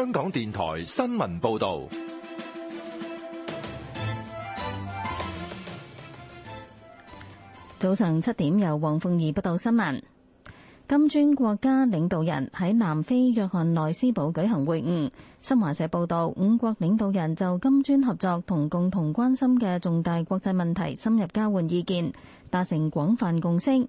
香港電台新聞報道，早上七點由黃鳳儀報道新聞。金磚國家領導人喺南非約翰內斯堡舉行會晤。新華社報道，五國領導人就金磚合作同共同關心嘅重大國際問題深入交換意見，達成廣泛共識。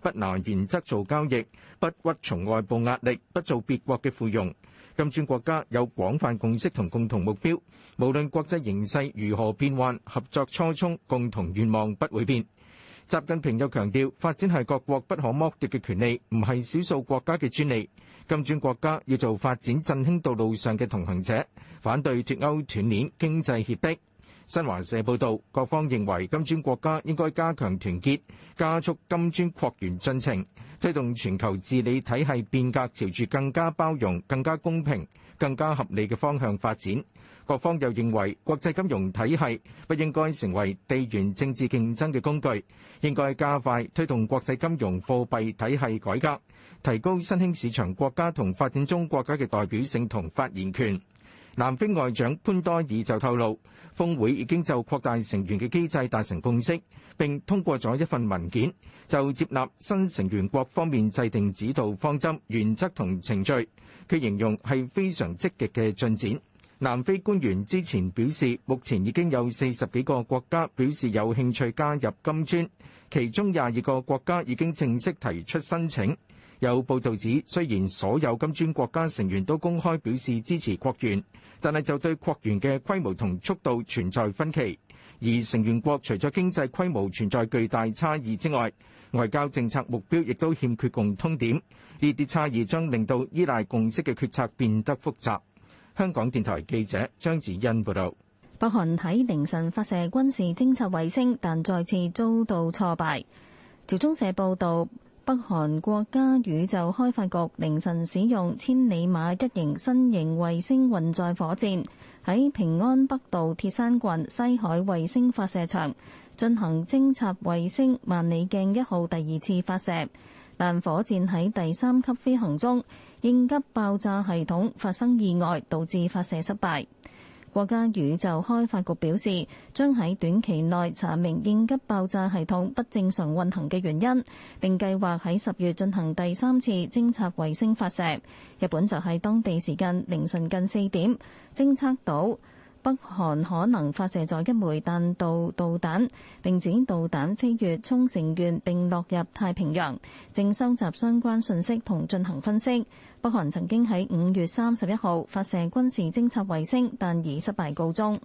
不拿原則做交易，不屈從外部壓力，不做別國嘅附庸。金磚國家有廣泛共識同共同目標，無論國際形勢如何變幻，合作初衷、共同願望不會變。習近平又強調，發展係各國不可剝奪嘅權利，唔係少數國家嘅專利。金磚國家要做發展振興道路上嘅同行者，反對脱歐斷鏈、經濟脅迫。新華社報導，各方認為金磚國家應該加強團結，加速金磚擴員進程，推動全球治理體系變革朝住更加包容、更加公平、更加合理嘅方向發展。各方又認為國際金融體系不應該成為地緣政治競爭嘅工具，應該加快推動國際金融貨幣體系改革，提高新興市場國家同發展中國家嘅代表性同發言權。南非外長潘多爾就透露，峰會已經就擴大成員嘅機制達成共識，並通過咗一份文件，就接納新成員國方面制定指導方針、原則同程序。佢形容係非常積極嘅進展。南非官員之前表示，目前已經有四十幾個國家表示有興趣加入金磚，其中廿二個國家已經正式提出申請。有報道指，雖然所有金磚國家成員都公開表示支持擴員，但係就對擴員嘅規模同速度存在分歧。而成員國除咗經濟規模存在巨大差異之外，外交政策目標亦都欠缺共通點。呢啲差異將令到依賴共識嘅決策變得複雜。香港電台記者張子欣報道，北韓喺凌晨發射軍事偵察衛星，但再次遭到挫敗。朝中社報道。北韓國家宇宙開發局凌晨使用千里馬一型新型衛星運載火箭，喺平安北道鐵山郡西海衛星發射場進行偵察衛星萬里鏡一號第二次發射，但火箭喺第三級飛行中應急爆炸系統發生意外，導致發射失敗。國家宇宙開發局表示，將喺短期內查明應急爆炸系統不正常運行嘅原因，並計劃喺十月進行第三次偵察衛星發射。日本就喺當地時間凌晨近四點，偵察到。北韓可能發射咗一枚彈道導彈，並指導彈飛越沖繩縣並落入太平洋，正收集相關訊息同進行分析。北韓曾經喺五月三十一號發射軍事偵察衛星，但以失敗告終。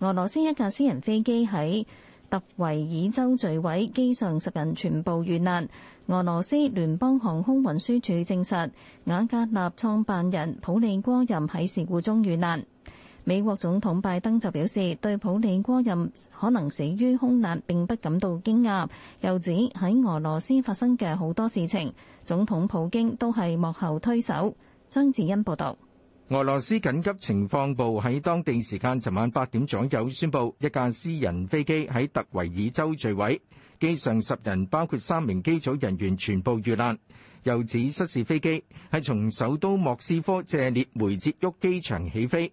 俄羅斯一架私人飛機喺特維爾州墜毀，機上十人全部遇難。俄羅斯聯邦航空運輸署證實，瓦格納創辦人普利戈任喺事故中遇難。美國總統拜登就表示，對普利戈任可能死於空難並不感到驚訝，又指喺俄羅斯發生嘅好多事情，總統普京都係幕後推手。張智恩報道，俄羅斯緊急情況部喺當地時間尋晚八點左右宣布，一架私人飛機喺特維爾州墜毀，機上十人，包括三名機組人員，全部遇難。又指失事飛機係從首都莫斯科謝列梅捷沃機場起飛。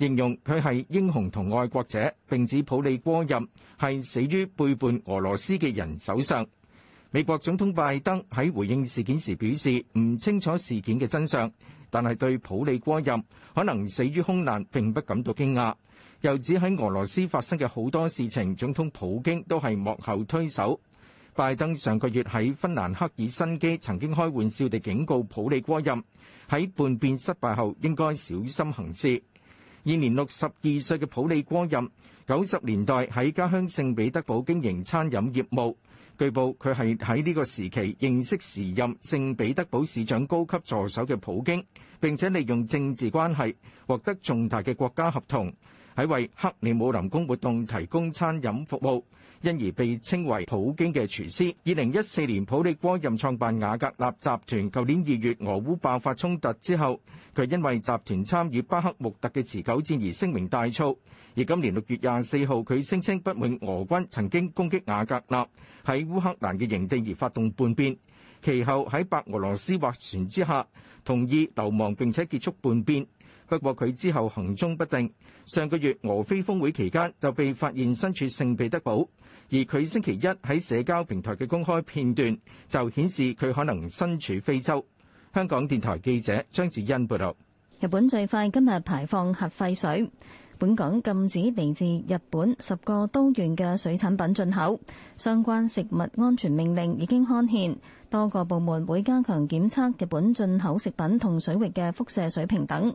形容佢係英雄同愛國者，並指普利戈任係死於背叛俄羅斯嘅人手上。美國總統拜登喺回應事件時表示，唔清楚事件嘅真相，但係對普利戈任可能死於空難並不感到驚訝。又指喺俄羅斯發生嘅好多事情，總統普京都係幕後推手。拜登上個月喺芬蘭赫爾辛基曾經開玩笑地警告普利戈任喺叛變失敗後應該小心行事。現年六十二歲嘅普利戈任，九十年代喺家鄉聖彼得堡經營餐飲業務。據報佢係喺呢個時期認識時任聖彼得堡市長高級助手嘅普京，並且利用政治關係獲得重大嘅國家合同。喺為克里姆林宮活動提供餐飲服務，因而被稱為普京嘅廚師。二零一四年，普列戈任創辦雅格納集團。舊年二月，俄烏爆發衝突之後，佢因為集團參與巴克穆特嘅持久戰而聲名大噪。而今年六月廿四號，佢聲稱不滿俄軍曾經攻擊雅格納喺烏克蘭嘅營地而發動叛變，其後喺白俄羅斯斡旋之下，同意流亡並且結束叛變。不過佢之後行蹤不定，上個月俄非峰會期間就被發現身處聖彼得堡，而佢星期一喺社交平台嘅公開片段就顯示佢可能身處非洲。香港電台記者張志欣報道。日本最快今日排放核廢水，本港禁止嚟自日本十個都縣嘅水產品進口，相關食物安全命令已經刊憲，多個部門會加強檢測日本進口食品同水域嘅輻射水平等。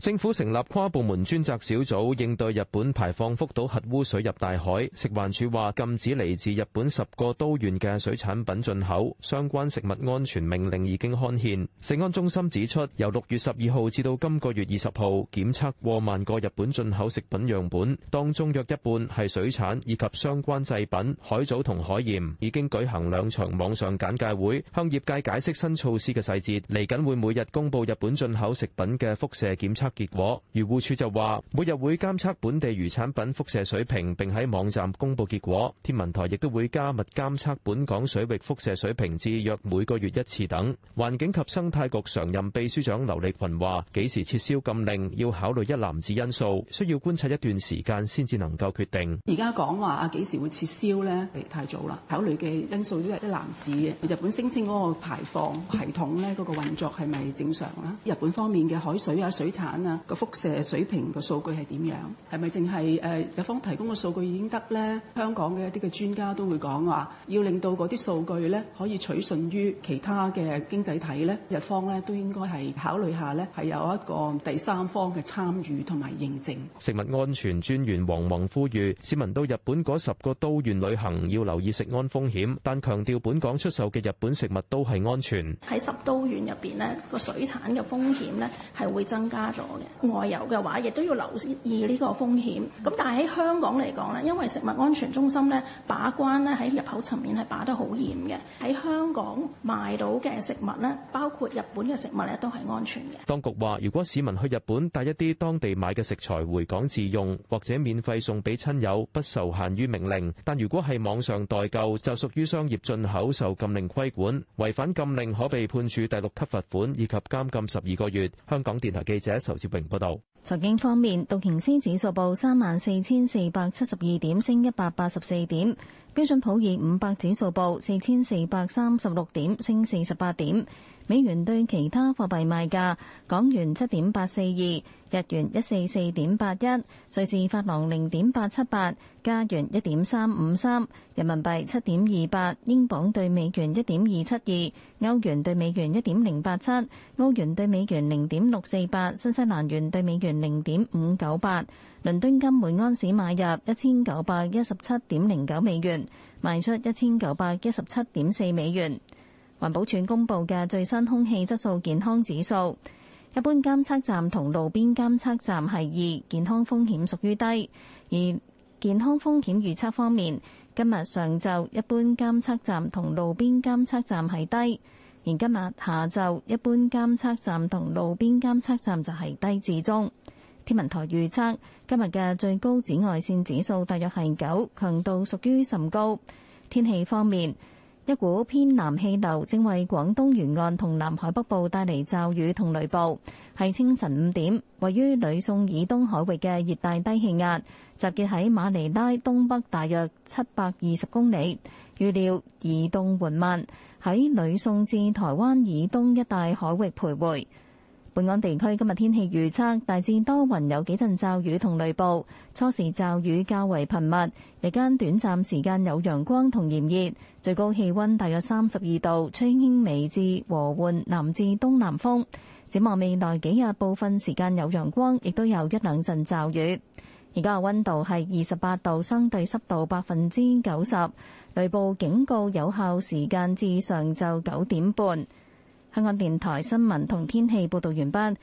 政府成立跨部門專責小組應對日本排放福島核污水入大海。食環署話禁止嚟自日本十個都縣嘅水產品進口，相關食物安全命令已經刊憲。食安中心指出，由六月十二號至到今個月二十號檢測過萬個日本進口食品樣本，當中約一半係水產以及相關製品，海藻同海鹽。已經舉行兩場網上簡介會，向業界解釋新措施嘅細節。嚟緊會每日公布日本進口食品嘅輻射檢測。結果，漁護署就話，每日會監測本地漁產品輻射水平，並喺網站公布結果。天文台亦都會加密監測本港水域輻射水平，至約每個月一次等。環境及生態局常任秘書長劉力群話：幾時撤銷禁令，要考慮一攬子因素，需要觀察一段時間先至能夠決定。而家講話啊，幾時會撤銷呢？太早啦，考慮嘅因素都係一攬子。日本聲稱嗰個排放系統呢，嗰個運作係咪正常啊？日本方面嘅海水啊，水產。個輻射水平個數據係點樣？係咪淨係誒日方提供嘅數據已經得咧？香港嘅一啲嘅專家都會講話，要令到嗰啲數據咧可以取信於其他嘅經濟體咧，日方咧都應該係考慮下咧，係有一個第三方嘅參與同埋認證。食物安全專員黃宏呼籲市民到日本嗰十個都縣旅行要留意食安風險，但強調本港出售嘅日本食物都係安全。喺十都縣入邊呢，個水產嘅風險呢係會增加咗。外遊嘅話，亦都要留意呢個風險。咁但係喺香港嚟講咧，因為食物安全中心咧把關咧喺入口層面係把得好嚴嘅。喺香港賣到嘅食物咧，包括日本嘅食物咧，都係安全嘅。當局話，如果市民去日本帶一啲當地買嘅食材回港自用，或者免費送畀親友，不受限於命令。但如果係網上代購，就屬於商業進口，受禁令規管，違反禁令可被判處第六級罰款以及監禁十二個月。香港電台記者。劉志報道。財經方面，道瓊斯指數報三萬四千四百七十二點，升一百八十四點。標準普爾五百指數報四千四百三十六點，升四十八點。美元對其他貨幣賣價，港元七點八四二。日元一四四點八一，瑞士法郎零點八七八，加元一點三五三，人民幣七點二八，英鎊對美元一點二七二，歐元對美元一點零八七，歐元對美元零點六四八，新西蘭元對美元零點五九八，倫敦金每安士買入一千九百一十七點零九美元，賣出一千九百一十七點四美元。環保署公布嘅最新空氣質素健康指數。一般監測站同路邊監測站係二，健康風險屬於低，而健康風險預測方面，今日上晝一般監測站同路邊監測站係低，而今日下晝一般監測站同路邊監測站就係低至中。天文台預測，今日嘅最高紫外線指數大約係九，強度屬於甚高。天氣方面。一股偏南氣流正為廣東沿岸同南海北部帶嚟驟雨同雷暴。係清晨五點，位於呂宋以東海域嘅熱帶低氣壓，集結喺馬尼拉東北大約七百二十公里，預料移動緩慢，喺呂宋至台灣以東一帶海域徘徊。本港地區今日天，天氣預測大致多雲，有幾陣驟雨同雷暴，初時驟雨較為頻密，日間短暫時間有陽光同炎熱，最高氣温大約三十二度，吹輕微至和緩南，南至東南風。展望未來幾日，部分時間有陽光，亦都有一兩陣驟雨。而家嘅温度係二十八度，相對濕度百分之九十，雷暴警告有效時間至上晝九點半。香港電台新聞同天氣報道完畢。